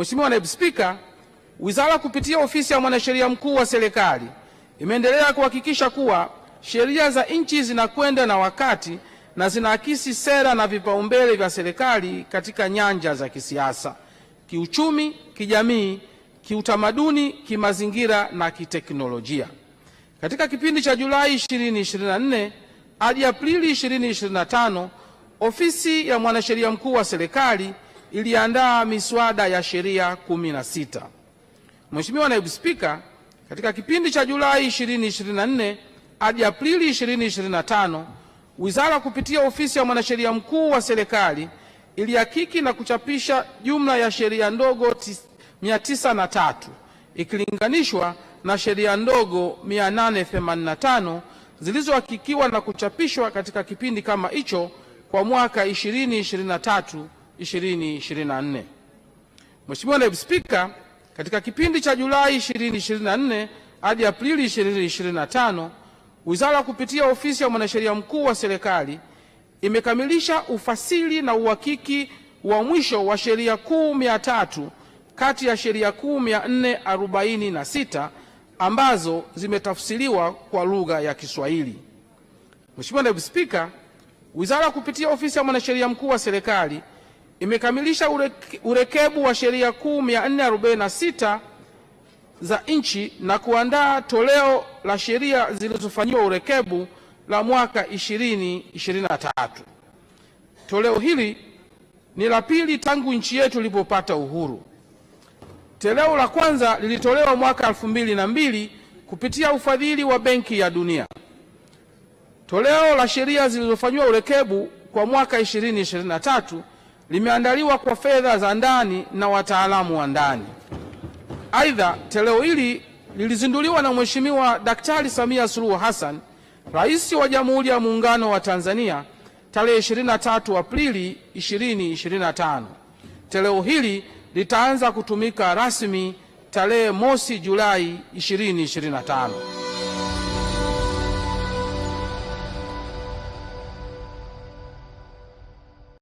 Mheshimiwa Naibu Spika, wizara kupitia ofisi ya mwanasheria mkuu wa serikali imeendelea kuhakikisha kuwa sheria za nchi zinakwenda na wakati na zinaakisi sera na vipaumbele vya serikali katika nyanja za kisiasa, kiuchumi, kijamii, kiutamaduni, kimazingira na kiteknolojia. Katika kipindi cha Julai 2024 hadi Aprili 2025, ofisi ya mwanasheria mkuu wa serikali iliandaa miswada ya sheria kumi na sita. Mheshimiwa Naibu Spika, katika kipindi cha Julai 2024 hadi Aprili 2025, wizara kupitia ofisi ya mwanasheria mkuu wa serikali ilihakiki na kuchapisha jumla ya sheria ndogo 903 ikilinganishwa na sheria ndogo 885 zilizohakikiwa na kuchapishwa katika kipindi kama hicho kwa mwaka 2023 2024. Mheshimiwa Naibu Spika, katika kipindi cha Julai 2024 hadi Aprili 2025, Wizara kupitia Ofisi ya Mwanasheria Mkuu wa Serikali imekamilisha ufasiri na uhakiki wa mwisho wa sheria kuu mia tatu kati ya sheria kuu mia nne arobaini na sita ambazo zimetafsiriwa kwa lugha ya Kiswahili. Mheshimiwa Naibu Spika, Wizara kupitia Ofisi ya Mwanasheria Mkuu wa Serikali imekamilisha ureke, urekebu wa sheria kuu 446 za nchi na kuandaa toleo la sheria zilizofanyiwa urekebu la mwaka 2023. Toleo hili ni la pili tangu nchi yetu ilipopata uhuru. Toleo la kwanza lilitolewa mwaka 2002 kupitia ufadhili wa Benki ya Dunia. Toleo la sheria zilizofanyiwa urekebu kwa mwaka 2023 limeandaliwa kwa fedha za ndani na wataalamu wa ndani. Aidha, teleo hili lilizinduliwa na Mheshimiwa Daktari Samia Suluhu Hassan, Rais wa Jamhuri ya Muungano wa Tanzania tarehe 23 Aprili 2025. Teleo hili litaanza kutumika rasmi tarehe mosi Julai 2025.